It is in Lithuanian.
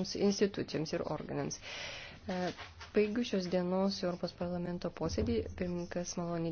atitinkamoms institucijoms ir organams. E, baigiu šios dienos Europos parlamento posėdį. Pirmininkas maloniai.